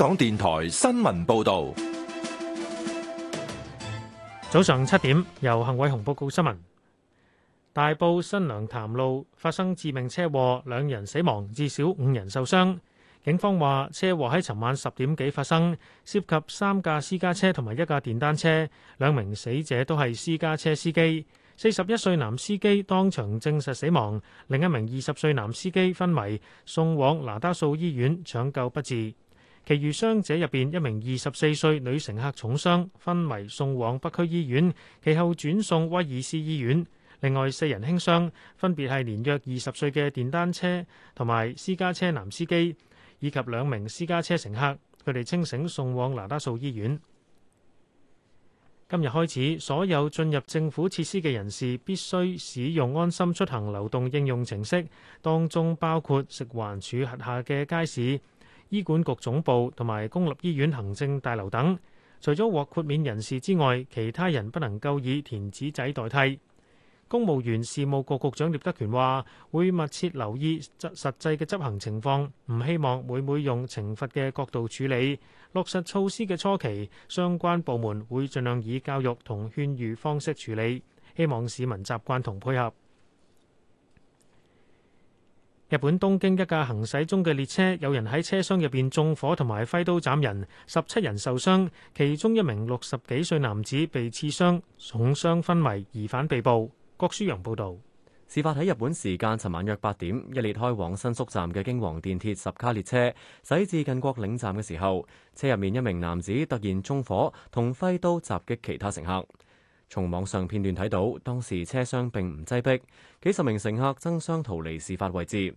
港電台新聞報道，早上七點由幸偉雄報告新聞。大埔新娘潭路發生致命車禍，兩人死亡，至少五人受傷。警方話車禍喺尋晚十點幾發生，涉及三架私家車同埋一架電單車。兩名死者都係私家車司機，四十一歲男司機當場證實死亡，另一名二十歲男司機昏迷，送往那打素醫院搶救不治。其餘傷者入面，一名二十四歲女乘客重傷，昏迷送往北區醫院，其後轉送威爾斯醫院。另外四人輕傷，分別係年約二十歲嘅電單車同埋私家車男司機，以及兩名私家車乘客，佢哋清醒送往那打素醫院。今日開始，所有進入政府設施嘅人士必須使用安心出行流動應用程式，當中包括食環署轄下嘅街市。醫管局總部同埋公立醫院行政大樓等，除咗獲豁免人士之外，其他人不能夠以填紙仔代替。公務員事務局局長聶德權話，會密切留意實際嘅執行情況，唔希望每每用懲罰嘅角度處理。落實措施嘅初期，相關部門會盡量以教育同勸喻方式處理，希望市民習慣同配合。日本東京一架行駛中嘅列車，有人喺車廂入邊縱火同埋揮刀斬人，十七人受傷，其中一名六十幾歲男子被刺傷，重傷昏迷，疑犯被捕。郭舒陽報導。事發喺日本時間尋晚約八點，一列開往新宿站嘅京王電鐵十卡列車駛至近國領站嘅時候，車入面一名男子突然縱火同揮刀襲擊其他乘客。從網上片段睇到，當時車廂並唔擠逼，幾十名乘客爭相逃離事發位置。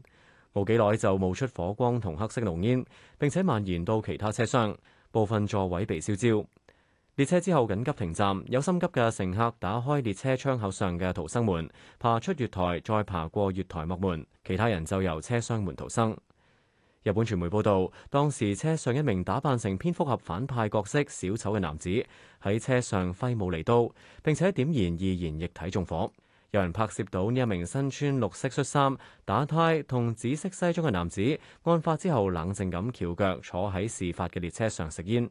冇幾耐就冒出火光同黑色濃煙，並且蔓延到其他車廂，部分座位被燒焦。列車之後緊急停站，有心急嘅乘客打開列車窗口上嘅逃生門，爬出月台，再爬過月台幕門，其他人就由車廂門逃生。日本傳媒報道，當時車上一名打扮成蝙蝠俠反派角色小丑嘅男子喺車上揮舞利刀，並且點燃易燃液體縱火。有人拍攝到呢一名身穿綠色恤衫、打呔同紫色西裝嘅男子，案發之後冷靜咁翹腳坐喺事發嘅列車上食煙。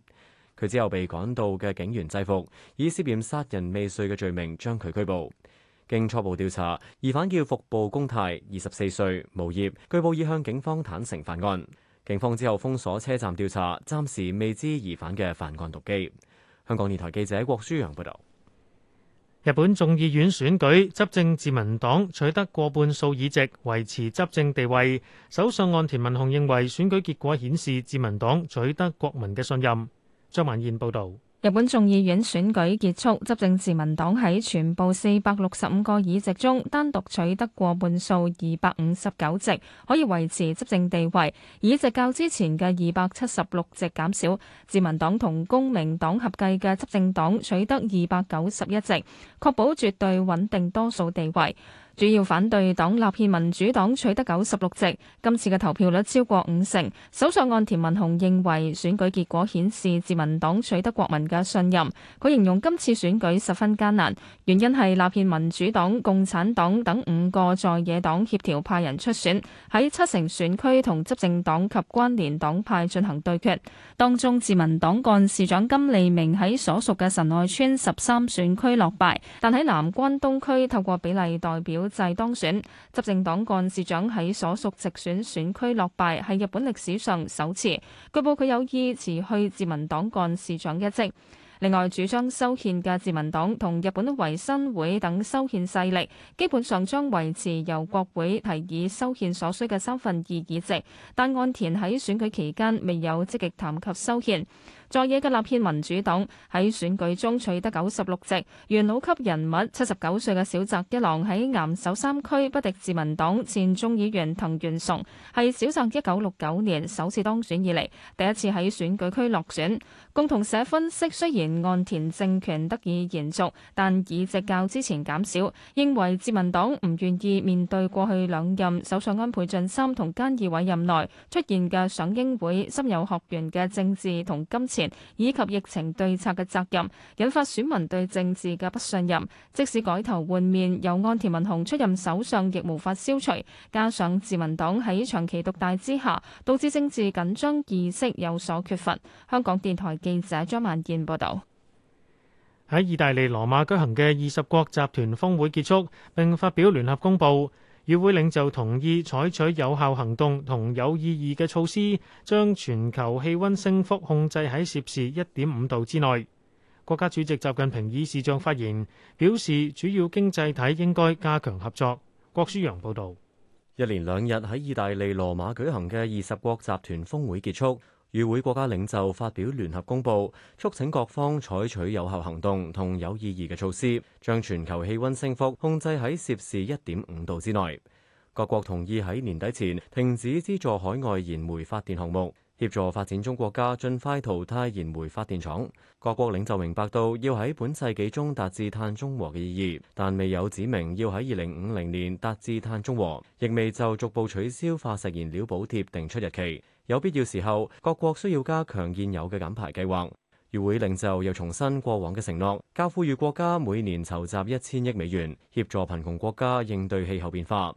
佢之後被趕到嘅警員制服，以涉嫌殺人未遂嘅罪名將佢拘捕。經初步調查，疑犯叫服部公泰，二十四歲，無業，據報已向警方坦承犯案。警方之後封鎖車站調查，暫時未知疑犯嘅犯案動機。香港電台記者郭舒揚報道。日本眾議院選舉，執政自民黨取得過半數議席，維持執政地位。首相岸田文雄認為選舉結果顯示自民黨取得國民嘅信任。張曼燕報道。日本眾議院選舉結束，執政自民黨喺全部四百六十五個議席中，單獨取得過半數二百五十九席，可以維持執政地位。議席較之前嘅二百七十六席減少，自民黨同公明黨合計嘅執政黨取得二百九十一席，確保絕對穩定多數地位。主要反對黨立憲民主黨取得九十六席，今次嘅投票率超過五成。首相岸田文雄認為選舉結果顯示自民黨取得國民嘅信任，佢形容今次選舉十分艱難，原因係立憲民主黨、共產黨等五個在野黨協調派人出選，喺七成選區同執政黨及關聯黨派進行對決。當中自民黨幹事長甘利明喺所屬嘅神奈川十三選區落敗，但喺南關東區透過比例代表。就係當選執政黨幹事長喺所屬直選選區落敗，係日本歷史上首次。據報佢有意辭去自民黨幹事長一職。另外，主張修憲嘅自民黨同日本維新會等修憲勢力基本上將維持由國會提議修憲所需嘅三分二議席，但岸田喺選舉期間未有積極談及修憲。在野嘅立憲民主黨喺選舉中取得九十六席，元老級人物七十九歲嘅小澤一郎喺岩手三區不敵自民黨前眾議員藤原崇，係小澤一九六九年首次當選以嚟第一次喺選舉區落選。共同社分析，雖然岸田政權得以延續，但議席較之前減少，認為自民黨唔願意面對過去兩任首相安倍晉三同菅義偉任內出現嘅上英會森友學園嘅政治同金錢，以及疫情對策嘅責任，引發選民對政治嘅不信任。即使改頭換面，由岸田文雄出任首相，亦無法消除。加上自民黨喺長期獨大之下，導致政治緊張意識有所缺乏。香港電台記者張萬健報道。喺意大利羅馬舉行嘅二十國集團峰會結束，並發表聯合公佈。與會領袖同意採取有效行動同有意義嘅措施，將全球氣温升幅控制喺攝氏一點五度之內。國家主席習近平以視像發言，表示主要經濟體應該加強合作。郭舒陽報道：一連兩日喺意大利羅馬舉行嘅二十國集團峰會結束。與會國家領袖發表聯合公佈，促請各方採取有效行動同有意義嘅措施，將全球氣温升幅控制喺攝氏一點五度之內。各國同意喺年底前停止資助海外燃煤發電項目，協助發展中國家盡快淘汰燃煤發電廠。各國領袖明白到要喺本世紀中達至碳中和嘅意義，但未有指明要喺二零五零年達至碳中和，亦未就逐步取消化石燃料補貼定出日期。有必要時候，各國需要加強現有嘅減排計劃。與會領袖又重申過往嘅承諾，叫呼籲國家每年籌集一千億美元協助貧窮國家應對氣候變化。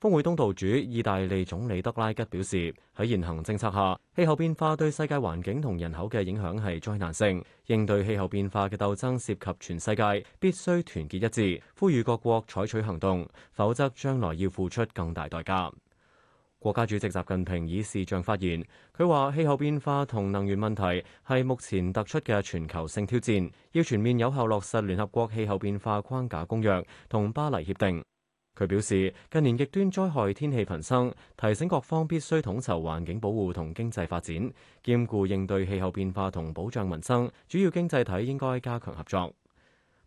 峰會東道主意大利總理德拉吉表示，喺現行政策下，氣候變化對世界環境同人口嘅影響係災難性。應對氣候變化嘅鬥爭涉及全世界，必須團結一致，呼籲各國採取行動，否則將來要付出更大代價。國家主席習近平以視像發言，佢話氣候變化同能源問題係目前突出嘅全球性挑戰，要全面有效落實聯合國氣候變化框架公約同巴黎協定。佢表示，近年極端災害天氣頻生，提醒各方必須統籌環境保護同經濟發展，兼顧應對氣候變化同保障民生。主要經濟體應該加強合作。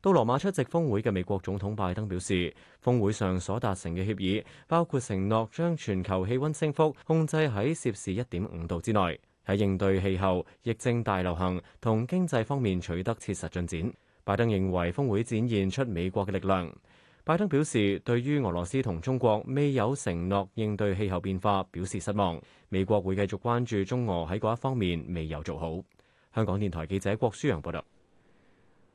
到羅馬出席峰會嘅美國總統拜登表示，峰會上所達成嘅協議包括承諾將全球氣温升幅控制喺攝氏一點五度之內，喺應對氣候疫症大流行同經濟方面取得切實進展。拜登認為峰會展現出美國嘅力量。拜登表示，對於俄羅斯同中國未有承諾應對氣候變化表示失望。美國會繼續關注中俄喺嗰一方面未有做好。香港電台記者郭舒揚報道。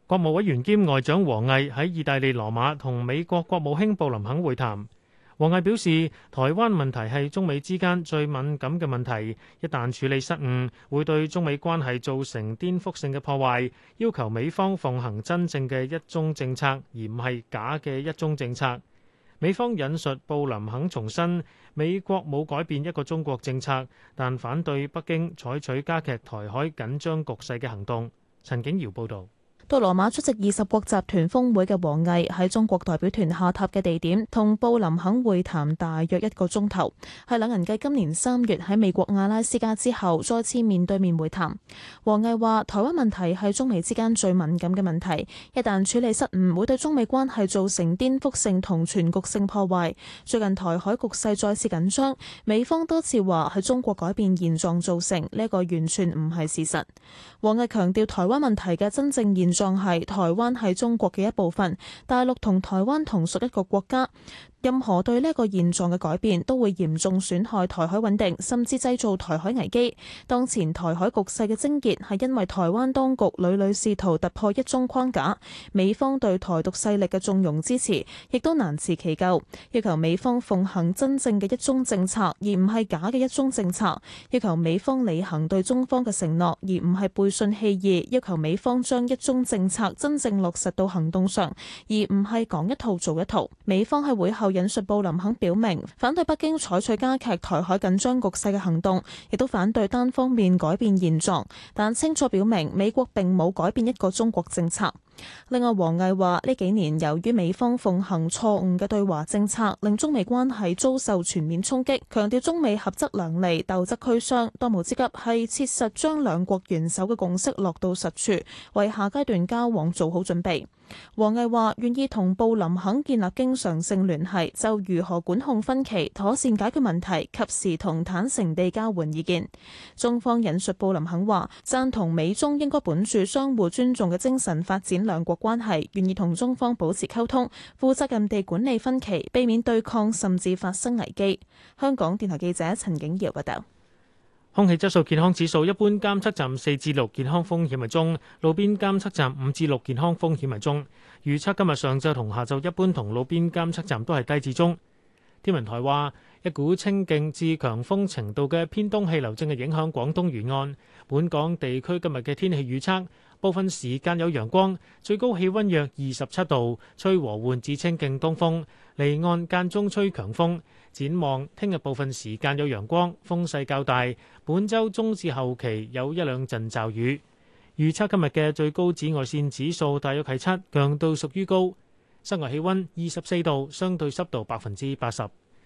國務委員兼外長王毅喺意大利羅馬同美國國務卿布林肯會談。王毅表示，台灣問題係中美之間最敏感嘅問題，一旦處理失誤，會對中美關係造成顛覆性嘅破壞，要求美方奉行真正嘅一中政策，而唔係假嘅一中政策。美方引述布林肯重申，美國冇改變一個中國政策，但反對北京採取加劇台海緊張局勢嘅行動。陳景堯報道。到羅馬出席二十國集團峰會嘅王毅喺中國代表團下榻嘅地點，同布林肯會談大約一個鐘頭，係兩人繼今年三月喺美國阿拉斯加之後再次面對面會談。王毅話：台灣問題係中美之間最敏感嘅問題，一旦處理失誤，會對中美關係造成顛覆性同全局性破壞。最近台海局勢再次緊張，美方多次話喺中國改變現狀造成，呢個完全唔係事實。王毅強調台灣問題嘅真正現狀係台灣係中國嘅一部分，大陸同台灣同屬一個國家。任何對呢一個現狀嘅改變，都會嚴重損害台海穩定，甚至製造台海危機。當前台海局勢嘅症結係因為台灣當局屢屢試圖突破一中框架，美方對台獨勢力嘅縱容支持，亦都難辭其咎。要求美方奉行真正嘅一中政策，而唔係假嘅一中政策；要求美方履行對中方嘅承諾，而唔係背信棄義；要求美方將一中。政策真正落實到行動上，而唔係講一套做一套。美方喺會後引述布林肯表明，反對北京採取加劇台海緊張局勢嘅行動，亦都反對單方面改變現狀，但清楚表明美國並冇改變一個中國政策。另外，王毅話呢幾年由於美方奉行錯誤嘅對華政策，令中美關係遭受全面衝擊。強調中美合則兩利，鬥則俱傷。當務之急係切實將兩國元首嘅共識落到實處，為下階段交往做好準備。王毅話願意同布林肯建立經常性聯繫，就如何管控分歧、妥善解決問題、及時同坦誠地交換意見。中方引述布林肯話，贊同美中應該本住相互尊重嘅精神發展兩國關係，願意同中方保持溝通，負責任地管理分歧，避免對抗甚至發生危機。香港電台記者陳景堯報道。空氣質素健康指數一般監測站四至六，健康風險係中；路邊監測站五至六，健康風險係中。預測今日上晝同下晝一般同路邊監測站都係低至中。天文台話，一股清勁至強風程度嘅偏東氣流正係影響廣東沿岸，本港地區今日嘅天氣預測。部分時間有陽光，最高氣温約二十七度，吹和緩至清勁東風，離岸間中吹強風。展望聽日部分時間有陽光，風勢較大。本周中至後期有一兩陣驟雨。預測今日嘅最高紫外線指數大約係七，強度屬於高。室外氣温二十四度，相對濕度百分之八十。